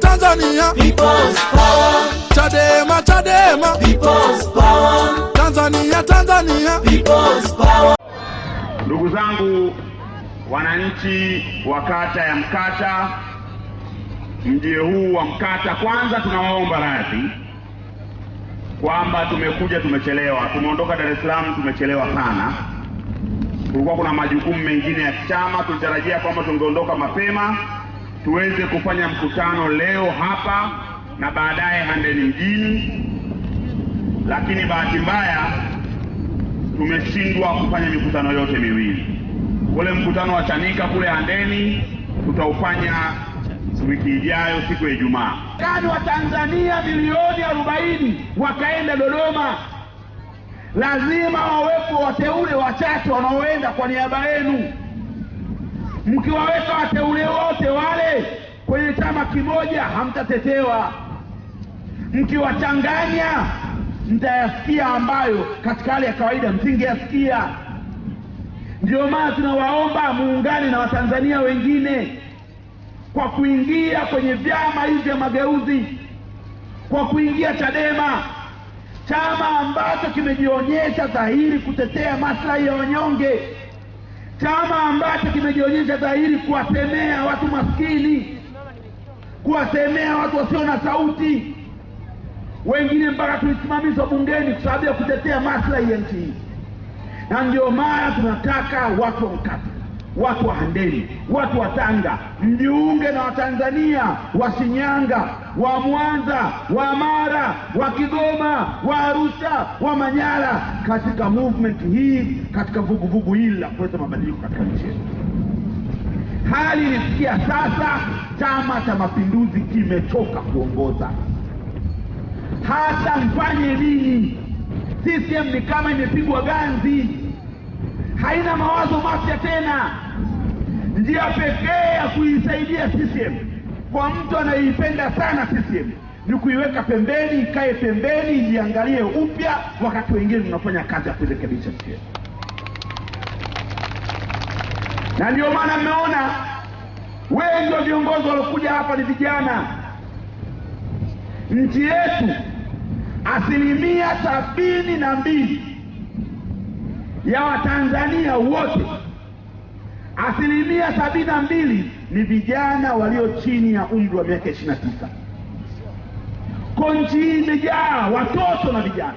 Tanzania. People's power. Chadema, Chadema. People's power. Tanzania, Tanzania. People's power. Ndugu zangu wananchi wa kata ya Mkata, mji huu wa Mkata, kwanza tunawaomba radhi kwamba tumekuja tumechelewa. Tumeondoka Dar es Salaam tumechelewa sana, kulikuwa kuna majukumu mengine ya chama. Tulitarajia kwamba tungeondoka mapema tuweze kufanya mkutano leo hapa na baadaye Handeni mjini, lakini bahati mbaya tumeshindwa kufanya mikutano yote miwili. Ule mkutano wa Chanika kule Handeni tutaufanya wiki ijayo siku ya Ijumaa. Kani wa Tanzania milioni arobaini wakaenda Dodoma, lazima wawepo wateule wachache wanaoenda kwa niaba yenu. Mkiwaweka wateule wote kimoja hamtatetewa. Mkiwachanganya mtayasikia ambayo katika hali ya kawaida msingeyasikia. ndio maana tunawaomba muungane na Watanzania wengine kwa kuingia kwenye vyama hivi vya mageuzi, kwa kuingia Chadema, chama ambacho kimejionyesha dhahiri kutetea maslahi ya wanyonge, chama ambacho kimejionyesha dhahiri kuwatemea watu maskini kuwasemea watu wasio na sauti, wengine mpaka tulisimamishwa bungeni kwa sababu ya kutetea maslahi ya nchi hii. Na ndio maana tunataka watu wa Mkata, watu wa Handeni, watu wa Tanga mjiunge na Watanzania wa Shinyanga, wa Mwanza, wa Mara, wa Kigoma, wa Arusha, wa Manyara katika movement hii, katika vuguvugu hili la kuleta mabadiliko katika nchi yetu hali ilisikia sasa, Chama cha Mapinduzi kimechoka kuongoza, hata mfanye nini, CCM ni kama imepigwa ganzi, haina mawazo mapya tena. Njia pekee ya kuisaidia CCM kwa mtu anayeipenda sana CCM ni kuiweka pembeni, ikae pembeni, ijiangalie upya, wakati wengine tunafanya kazi ya kuirekebisha CCM na ndio maana mmeona wengi wa viongozi waliokuja hapa ni vijana. Nchi yetu asilimia sabini na mbili ya Watanzania wote, asilimia sabini na mbili ni vijana walio chini ya umri wa miaka ishirini na tisa. Kwa nchi hii imejaa watoto na vijana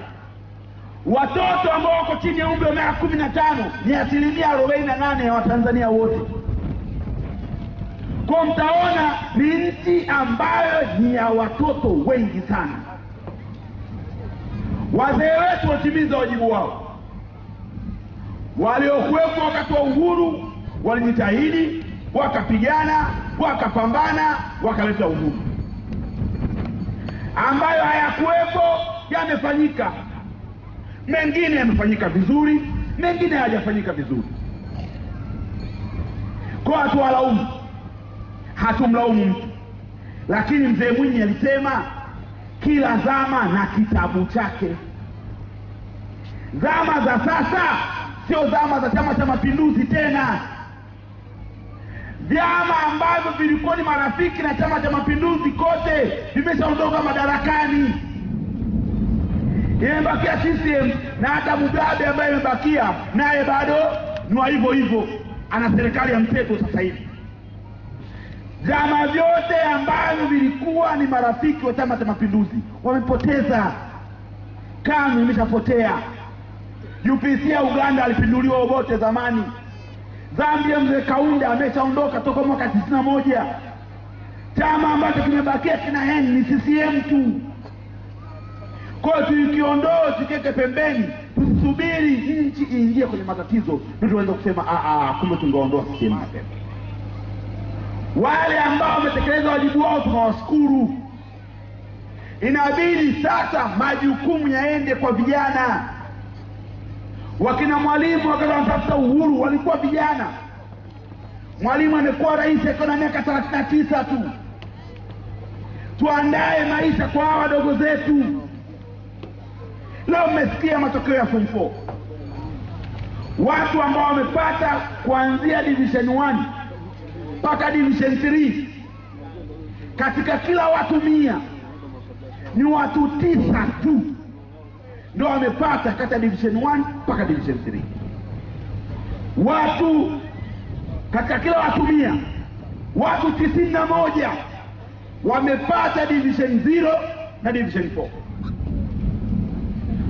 Watoto ambao wako chini ya umri wa miaka kumi na tano ni asilimia arobaini na nane ya Watanzania wote. Kwa mtaona ni nchi ambayo ni ya watoto wengi sana. Wazee wetu watimiza wajibu wao. Waliokuwepo wakati wa uhuru walijitahidi, wakapigana, wakapambana, wakaleta uhuru. Ambayo hayakuwepo yamefanyika mengine yamefanyika vizuri, mengine hayajafanyika vizuri. Kwa hatuwalaumu, hatumlaumu mtu, lakini mzee Mwinyi alisema kila zama na kitabu chake. Zama za sasa sio zama za Chama cha Mapinduzi tena. Vyama ambavyo vilikuwa ni marafiki na Chama cha Mapinduzi kote vimeshaondoka madarakani imebakia CCM na hata Mugabe ambaye imebakia naye bado ni hivyo hivyo, ana serikali ya mpeto sasa hivi. Vyama vyote ambavyo vilikuwa ni marafiki wa Chama cha Mapinduzi wamepoteza. KANU imeshapotea. UPC ya Uganda alipinduliwa Obote zamani. Zambia mzee Kaunda ameshaondoka toka mwaka tisini na moja. Chama ambacho kimebakia kina hen ni CCM tu. Kwa tukiondoa tukiweke pembeni, tusubiri nchi iingie kwenye matatizo, ndio tunaweza kusema ah, ah, kumbe tungeondoa CCM mapema. Wale ambao wametekeleza wajibu wao tunawashukuru. Inabidi sasa majukumu yaende kwa vijana. Wakina Mwalimu wakati wanatafuta uhuru walikuwa vijana. Mwalimu amekuwa rais akiwa na miaka thelathini na tisa tu. Tuandae maisha kwa hawa wadogo zetu. Leo mmesikia matokeo ya form 4 watu ambao wamepata kuanzia division 1 mpaka division 3 katika kila watu mia ni watu tisa tu ndio wamepata kata division 1 mpaka division 3. Watu katika kila watu mia watu tisini na moja wamepata division 0 na division 4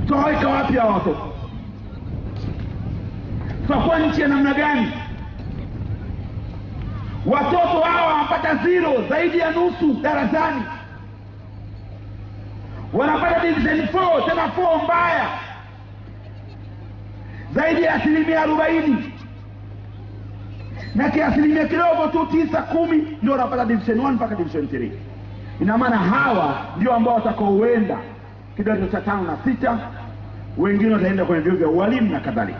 tutawaweka wapi hawa watoto? Tutakuwa nchi ya namna gani? Watoto hawa wanapata zero zaidi ya nusu darasani, wanapata division 4 tena 4 mbaya zaidi ya asilimia arobaini na kiasilimia kidogo tu tisa kumi ndio wanapata division 1 mpaka division 3. Ina maana hawa ndio ambao watakaoenda kidato cha tano na sita, wengine wataenda kwenye vyuo vya ualimu na kadhalika.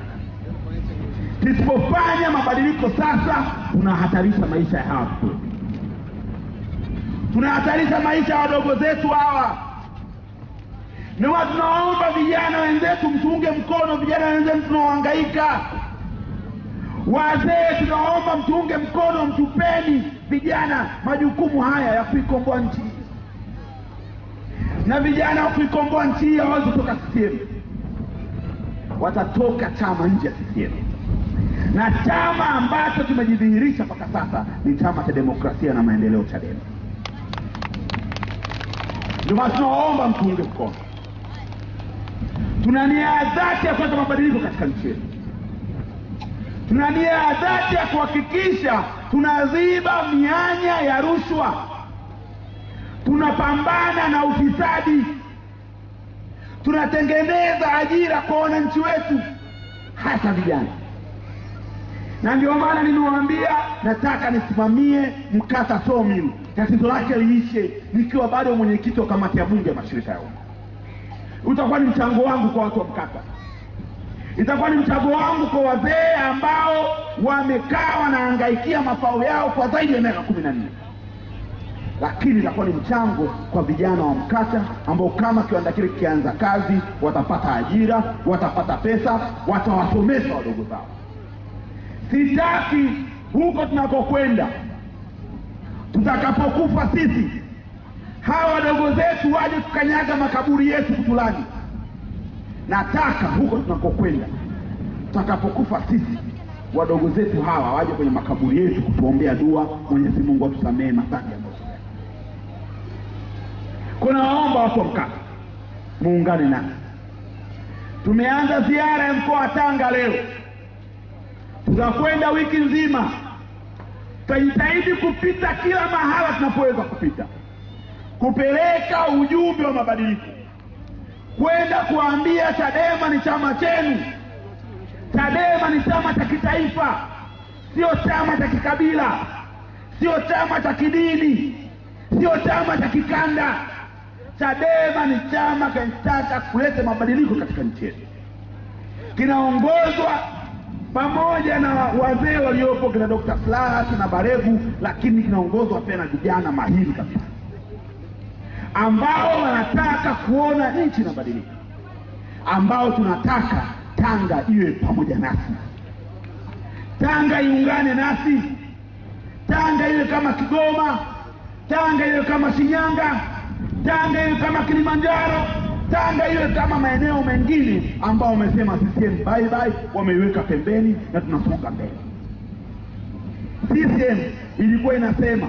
Tusipofanya mabadiliko sasa, tunahatarisha maisha ya hawa vijana, tunahatarisha maisha ya wadogo zetu hawa. Ndio tunawaomba vijana wenzetu, mtuunge mkono. Vijana wenzetu tunaohangaika, wazee tunawaomba mtuunge mkono, mtupeni vijana majukumu haya ya kuikomboa nchi na vijana wa kuikomboa nchi hii hawawezi kutoka CCM, watatoka chama nje ya CCM, na chama ambacho kimejidhihirisha mpaka sasa ni chama cha demokrasia na maendeleo, CHADEMA. Ndio maana tunawaomba mtuunge mkono, tuna nia ya dhati ya kuleta mabadiliko katika nchi yetu, tuna nia ya dhati ya kuhakikisha tunaziba mianya ya rushwa tunapambana na ufisadi, tunatengeneza ajira kwa wananchi wetu, hasa vijana. Na ndio maana nimewaambia nataka nisimamie mkata somi, tatizo lake liishe nikiwa bado mwenyekiti wa kamati ya bunge ya mashirika ya umma. Utakuwa ni mchango wangu kwa watu wa Mkata, itakuwa ni mchango wangu kwa wazee ambao wamekaa wanaangaikia mafao yao kwa zaidi ya miaka kumi na nne lakini itakuwa ni mchango kwa vijana wa Mkata ambao kama kiwanda kile kikianza kazi watapata ajira, watapata pesa, watawasomesha wadogo zao. Sitaki huko tunakokwenda, tutakapokufa sisi hawa wadogo zetu waje kukanyaga makaburi yetu kutulani. Nataka huko tunakokwenda, tutakapokufa sisi wadogo zetu hawa waje kwenye makaburi yetu kutuombea dua, Mwenyezi Mungu atusamee masadii kuna waomba wako Mkapa, muungane nasi. Tumeanza ziara ya mkoa wa Tanga leo, tutakwenda wiki nzima. Tutajitahidi kupita kila mahala tunapoweza kupita, kupeleka ujumbe wa mabadiliko, kwenda kuambia Chadema ni chama chenu. Chadema ni chama cha kitaifa, sio chama cha kikabila, sio chama cha kidini, sio chama cha kikanda. Chadema ni chama kinachotaka kuleta mabadiliko katika nchi yetu, kinaongozwa pamoja na wazee waliopo kina Dr. Slaa kina Baregu, lakini kinaongozwa pia na vijana mahiri kabisa ambao wanataka kuona nchi inabadilika, ambao tunataka Tanga iwe pamoja nasi, Tanga iungane nasi, Tanga iwe kama Kigoma, Tanga iwe kama Shinyanga Tanga iwe kama Kilimanjaro, Tanga iwe kama maeneo mengine ambao wamesema CCM bye bye, wameiweka pembeni na tunasonga mbele. CCM ilikuwa inasema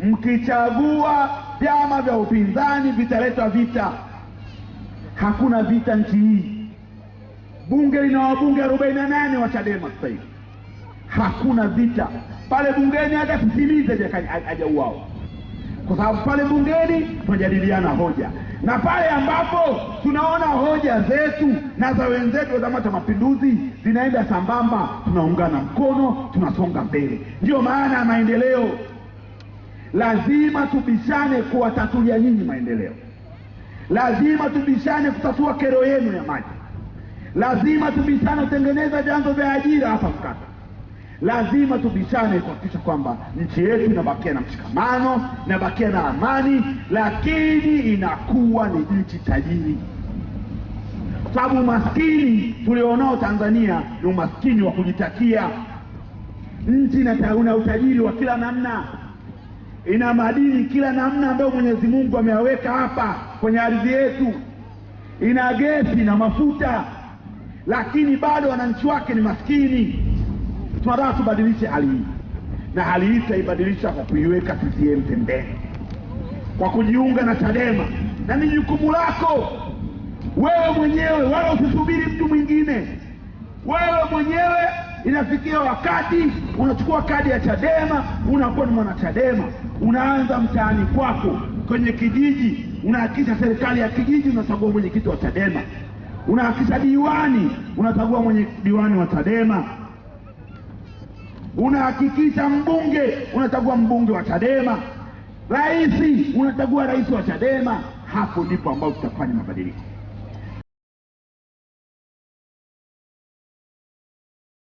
mkichagua vyama vya upinzani vitaleta vita. Hakuna vita nchi hii. Bunge lina wabunge 48 wa Chadema sasa hivi, hakuna vita pale bungeni, hata sisimizi hajauawa kwa sababu pale bungeni tunajadiliana hoja, na pale ambapo tunaona hoja zetu na za wenzetu wa Chama cha Mapinduzi zinaenda sambamba, tunaungana mkono, tunasonga mbele. Ndiyo maana ya maendeleo, lazima tubishane kuwatatulia nyinyi maendeleo, lazima tubishane kutatua kero yenu ya maji, lazima tubishane kutengeneza vyanzo vya ajira hapa Mkata Lazima tubishane kuhakikisha kwamba nchi yetu inabakia na mshikamano, inabakia na amani, lakini inakuwa ni nchi tajiri, kwa sababu umaskini tulionao Tanzania ni umaskini wa kujitakia. Nchi una utajiri wa kila namna, ina madini kila namna ambayo Mwenyezi Mungu ameyaweka hapa kwenye ardhi yetu, ina gesi na mafuta, lakini bado wananchi wake ni maskini tunataka tubadilishe hali hii, na hali hii tutaibadilisha kwa kuiweka CCM pembeni, kwa kujiunga na Chadema, na ni jukumu lako wewe mwenyewe, wala usisubiri mtu mwingine. Wewe mwenyewe inafikia wakati unachukua kadi ya Chadema, unakuwa ni mwanachadema, unaanza mtaani kwako, kwenye kijiji, unahakikisha serikali ya kijiji, unachagua mwenyekiti wa Chadema, unahakikisha diwani, unachagua mwenye diwani wa Chadema unahakikisha mbunge unachagua mbunge wa Chadema, rais unachagua rais wa Chadema. Hapo ndipo ambapo tutafanya mabadiliko.